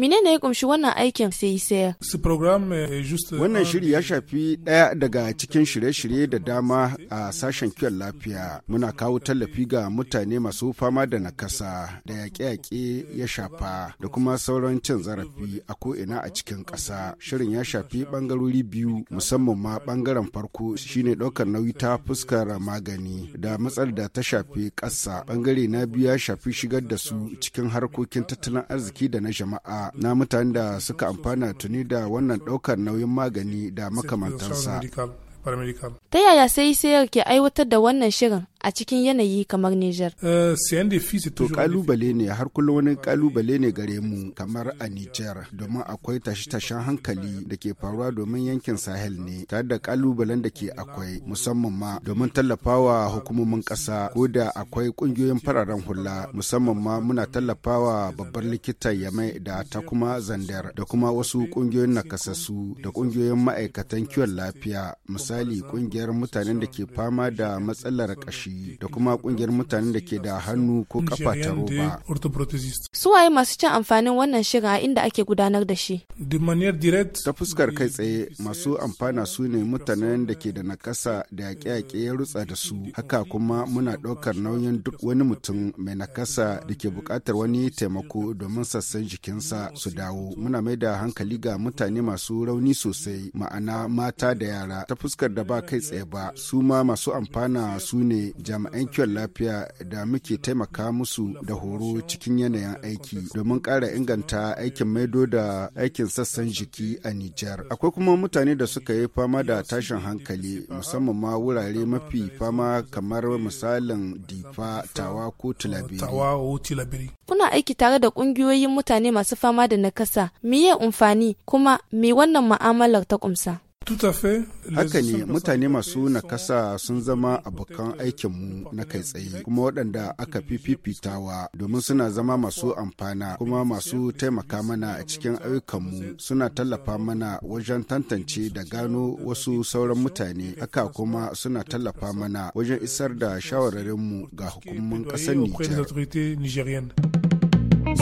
menene ya kumshi wannan aikin sai sayar wannan shiri ya shafi ɗaya daga cikin shirye-shirye da dama a sashen kiwon lafiya muna kawo tallafi ga mutane masu fama da nakasa da yaƙe-yaƙe ya shafa da kuma sauran cin zarafi a ko'ina a cikin ƙasa shirin ya shafi ɓangarori biyu musamman ma ɓangaren farko shine ɗaukar nauyi ta fuskar magani da matsalar da ta shafi ƙasa ɓangare na biyu ya shafi shigar da su cikin harkokin tattalin arziki da na jama'a na mutanen da suka amfana tuni da wannan daukar nauyin magani da makamantansa. Ta yaya sai sayar ke aiwatar da wannan shirin a cikin yanayi kamar Nijar. Eh, to kalubale ne har kullum wani kalubale ne gare mu kamar a Nijar domin akwai tashe-tashen hankali da ke faruwa domin yankin Sahel ne tare da kalubalen da ke akwai musamman ma domin tallafawa hukumomin ƙasa ko da akwai ƙungiyoyin fararen hula musamman ma muna tallafawa babbar likitan Yamai da ta kuma Zandar da kuma wasu ƙungiyoyin nakasassu da ƙungiyoyin ma'aikatan kiwon lafiya misali ƙungiyar mutanen da ke fama da matsalar ƙashi shi da kuma kungiyar mutanen da ke da hannu ko kafa ta roba. Suwaye masu cin amfanin wannan shirin a inda ake gudanar da shi? Ta fuskar kai tsaye masu amfana su ne mutanen da ke da nakasa da yaƙe-yaƙe ya rutsa da su. Haka kuma muna ɗaukar nauyin duk wani mutum mai nakasa da ke buƙatar wani taimako domin sassan jikinsa su dawo. Muna mai da hankali ga mutane masu rauni sosai ma'ana mata da yara ta fuskar da ba kai tsaye ba su ma masu amfana su ne jami'an kiwon lafiya da muke taimaka musu da horo cikin yanayin aiki domin ƙara inganta aikin maido da aikin sassan jiki a Nijar. Akwai kuma mutane da suka yi fama da tashin hankali musamman ma wurare mafi fama kamar misalin Difa, Tawa ko Tilabiri. Kuna aiki tare da ƙungiyoyin mutane masu fama da nakasa, miye amfani kuma me wannan ma'amalar ta ƙumsa? Haka ne mutane masu nakasa sun zama abokan aikinmu na kai tsaye kuma waɗanda aka fifitawa domin suna zama masu amfana kuma masu taimaka mana a cikin ayyukanmu suna tallafa mana wajen tantance da gano wasu sauran mutane haka kuma suna tallafa mana wajen isar da shawararinmu ga hukumomin ƙasar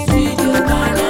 Nijar.